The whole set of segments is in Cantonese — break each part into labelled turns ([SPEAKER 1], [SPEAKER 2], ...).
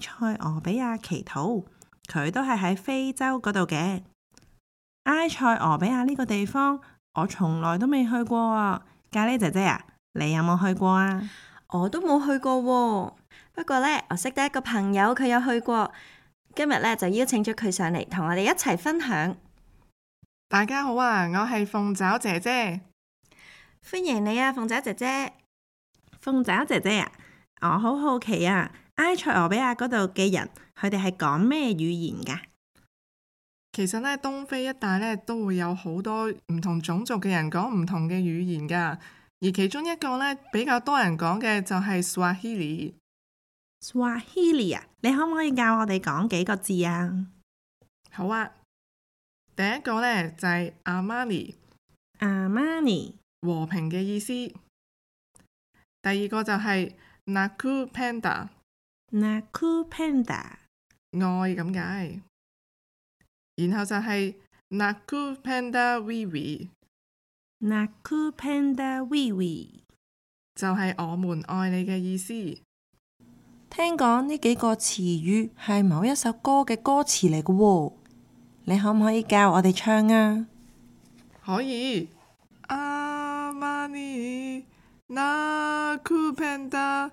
[SPEAKER 1] 塞俄比亞祈禱，佢都係喺非洲嗰度嘅。埃塞俄比亞呢個地方，我從來都未去過。咖喱姐姐啊，你有冇去過啊？我都冇去過喎，不過呢，我識得一個朋友，
[SPEAKER 2] 佢有去過。今日呢，就邀請咗佢上嚟，同我哋一齊分享。大家好啊，我係鳳爪姐姐。歡迎你啊，鳳爪姐姐。
[SPEAKER 1] 鳳爪姐姐啊，我好好奇啊。埃塞俄比亞嗰度嘅人，佢哋係講咩語言噶？其實咧，東非一
[SPEAKER 2] 帶咧都會有好多唔同種族嘅人講唔同嘅語言噶，而其中一個咧比較多人講嘅就係 Swahili。Swahili 啊，你可唔可以教我哋講幾個字啊？好啊，第一個咧就係 Amani，Amani，和平嘅意思。第二個就係 Nakupanda。納酷潘達，enda，愛咁解，然後就係納酷潘達維維，納酷潘達維維，就係我們愛你嘅意思。
[SPEAKER 1] 聽講呢幾個詞語係某一首歌嘅歌詞嚟嘅喎，你可唔可以教我哋唱啊？可以。阿瑪尼，
[SPEAKER 2] 納酷潘達。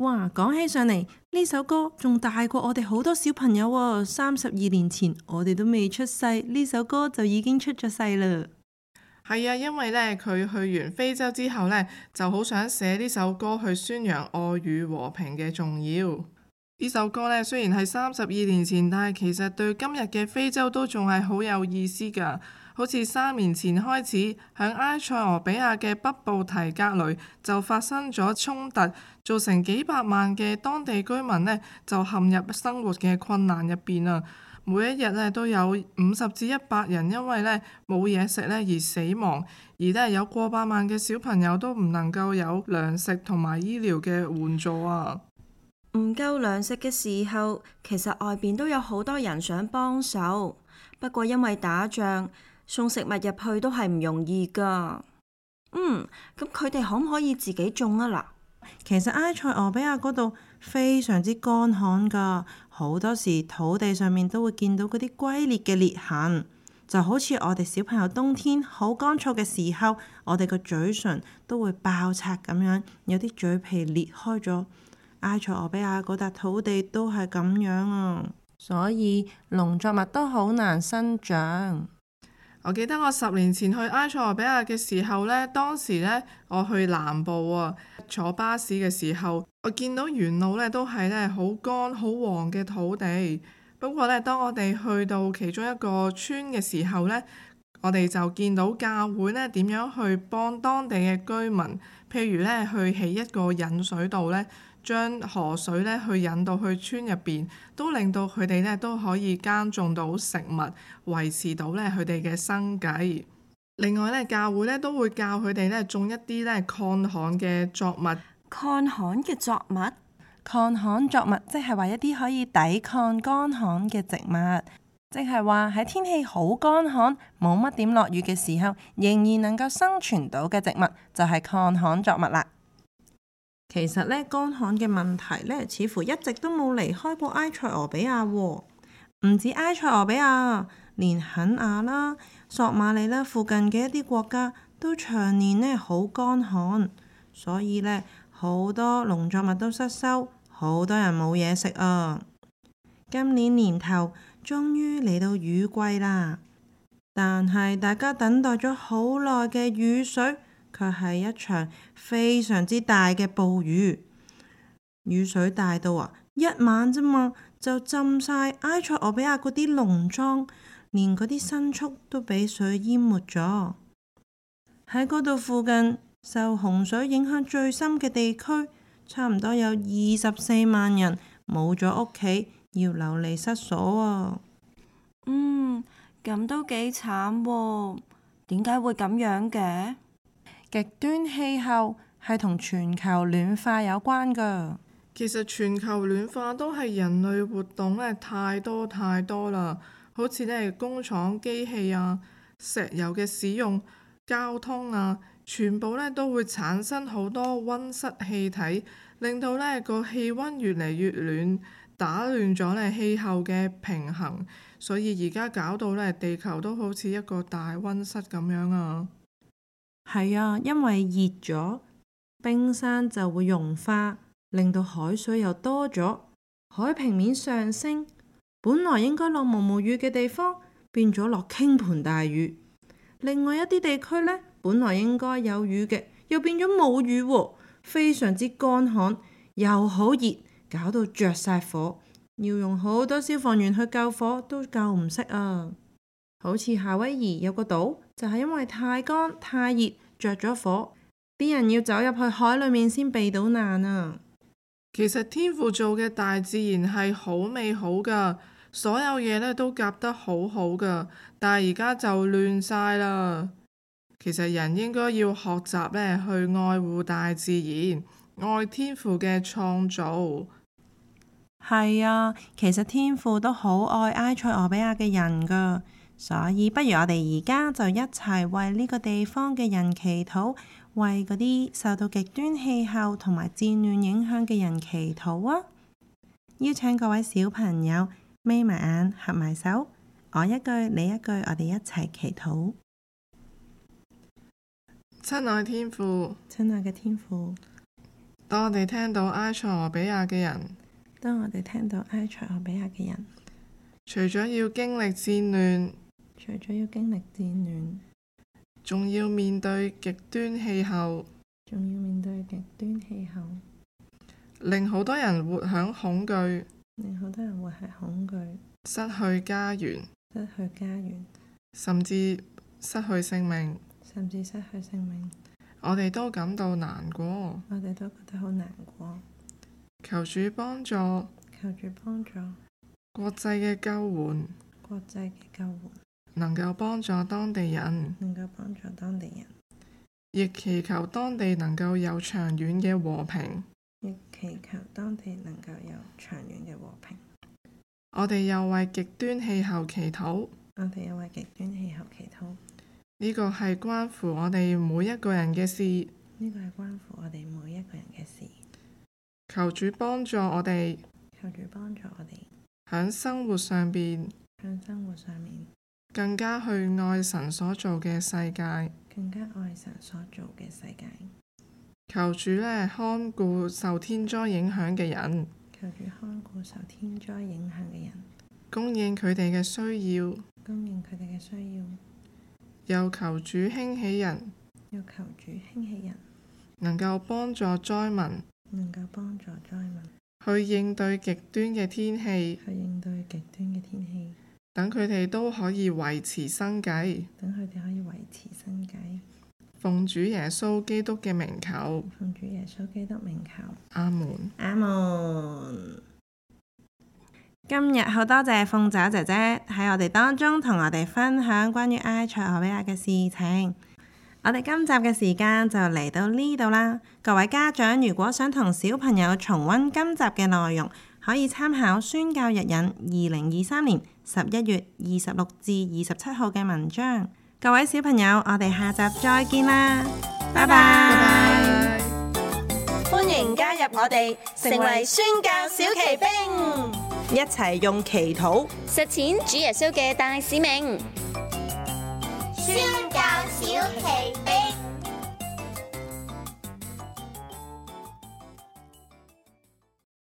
[SPEAKER 1] 哇，講起上嚟呢首歌仲大過我哋好多小朋友喎！三十二年前我哋都未出世，呢首歌就已經出咗世啦。
[SPEAKER 2] 係啊，因為呢，佢去完非洲之後呢，就好想寫呢首歌去宣揚愛與和平嘅重要。呢首歌呢，雖然係三十二年前，但係其實對今日嘅非洲都仲係好有意思㗎。好似三年前開始，響埃塞俄比亞嘅北部提格雷就發生咗衝突，造成幾百萬嘅當地居民呢，就陷入生活嘅困難入邊啊！每一日呢，都有五十至一百人因為呢冇嘢食呢而死亡，而呢，有過百萬嘅小朋友都唔能夠有糧食同埋醫療嘅援助啊！唔夠糧食嘅時候，其實外邊都有好多人想幫手，不過因為打仗，送食物入去都係唔容易
[SPEAKER 1] 噶。嗯，咁佢哋可唔可以自己種啊？嗱，其實埃塞俄比亞嗰度非常之乾旱噶，好多時土地上面都會見到嗰啲龜裂嘅裂痕，就好似我哋小朋友冬天好乾燥嘅時候，我哋個嘴唇都會爆拆咁樣，有啲嘴皮裂開咗。埃塞俄比亞嗰笪土地都係咁樣啊，所以農作物都好難生長。我記得我十年前去埃塞
[SPEAKER 2] 俄比亞嘅時候呢，當時呢，我去南部啊，坐巴士嘅時候，我見到沿路呢都係呢好乾、好黃嘅土地。不過呢，當我哋去到其中一個村嘅時候呢，我哋就見到教會呢點樣去幫當地嘅居民，譬如呢去起一個引水道呢。將河水咧去引到去村入邊，都令到佢哋咧都可以耕種到食物，維持到咧佢哋嘅生計。另外咧，教會咧都會教佢哋咧種一啲咧抗旱嘅作物。抗旱嘅
[SPEAKER 1] 作物，抗旱作物，即係話一啲可以抵抗乾旱嘅植物，即係話喺天氣好乾旱、冇乜點落雨嘅時候，仍然能夠生存到嘅植物，就係抗旱作物啦。其實呢，乾旱嘅問題呢，似乎一直都冇離開過埃塞俄比亞。唔止埃塞俄比亞，連肯亞啦、索馬里啦，附近嘅一啲國家都長年呢好乾旱，所以呢，好多農作物都失收，好多人冇嘢食啊。今年年頭終於嚟到雨季啦，但係大家等待咗好耐嘅雨水。佢係一場非常之大嘅暴雨，雨水大到啊，一晚啫嘛就浸晒埃塞俄比亞嗰啲農莊，連嗰啲牲畜都俾水淹沒咗。喺嗰度附近受洪水影響最深嘅地區，差唔多有二十四萬人冇咗屋企，要流離失所，哦。啊。嗯，咁都幾慘。點解會咁樣嘅？極端氣候係同全球暖化有關
[SPEAKER 2] 㗎。其實全球暖化都係人類活動呢太多太多啦，好似呢工廠機器啊、石油嘅使用、交通啊，全部呢都會產生好多溫室氣體，令到呢個氣溫越嚟越暖，打亂咗呢氣候嘅平衡，所以而家搞到呢地球都好似一個大溫室咁樣啊。
[SPEAKER 1] 係啊，因為熱咗，冰山就會融化，令到海水又多咗，海平面上升。本來應該落毛毛雨嘅地方，變咗落傾盆大雨。另外一啲地區呢，本來應該有雨嘅，又變咗冇雨，非常之乾旱，又好熱，搞到着晒火，要用好多消防員去救火，都救唔熄啊！好似夏威夷有個島，就係因為太乾太熱着咗火，啲人要走入去海裏面先避到難啊。
[SPEAKER 2] 其實天父做嘅大自然係好美好噶，所有嘢咧都夾得好好噶，但係而家就亂晒啦。其實人應該要學習咧去愛護大自然，愛天父嘅
[SPEAKER 1] 創造。係啊，其實天父都好愛埃塞俄比亞嘅人噶。所以，不如我哋而家就一齊為呢個地方嘅人祈禱，為嗰啲受到極端氣候同埋戰亂影響嘅人祈禱啊！邀請各位小朋友眯埋眼、合埋手，我一句你一句，我哋一齊祈禱。
[SPEAKER 2] 親愛天父，親愛嘅天父，當我哋聽到埃塞俄比亞嘅人，當我哋聽到埃塞俄比亞嘅人，除咗要經歷戰亂，除咗要經歷戰亂，仲要面對極端氣候，仲要面對極端氣候，令好多人活響恐懼，令好多人活喺恐懼，失去家園，失去家園，甚至失去性命，甚至失去性命，我哋都感到難過，我哋都覺得好難過，求主幫助，求主幫助，國際嘅救援，
[SPEAKER 1] 國際嘅救援。
[SPEAKER 2] 能夠幫助當地人，能夠幫助當地人，亦祈求當地能夠有長遠嘅和平。
[SPEAKER 1] 亦祈求當地能夠有長遠嘅和平。
[SPEAKER 2] 我哋又為極端氣候祈禱。我哋又為極端氣候祈禱。呢個係關乎我哋每一個人嘅事。
[SPEAKER 1] 呢個係關乎我哋每一個人嘅事。
[SPEAKER 2] 求主幫助我哋。求主幫助我哋。喺生活上邊，
[SPEAKER 1] 喺生活上面，
[SPEAKER 2] 更加去愛神所造嘅世界，更加愛神所造嘅世界。求主咧看顧受天災影響嘅人，求主看顧受天災影響嘅人，人供應佢哋嘅需要，供應佢哋嘅需要。又求主興起人，
[SPEAKER 1] 又求主興起人，
[SPEAKER 2] 能夠幫助災民，
[SPEAKER 1] 能夠幫助災民
[SPEAKER 2] 去應對極端嘅天氣，去應對極端嘅天氣。等佢哋都可以維持生計，等佢哋可以維持生計。奉主耶穌基督嘅名求，奉主耶穌基督名求。阿門。
[SPEAKER 1] 阿門。今日好多謝鳳爪姐姐喺我哋當中同我哋分享關於埃塞俄比亞嘅事情。我哋今集嘅時間就嚟到呢度啦。各位家長，如果想同小朋友重温今集嘅內容，可以參考宣教日引二零二三年十一月二十六至二十七號嘅文章。各位小朋友，我哋下集再見啦，bye bye 拜拜！歡迎加入我哋，成為宣教小祈兵，一齊用祈禱實踐
[SPEAKER 2] 主耶穌嘅大使命。宣教小祈。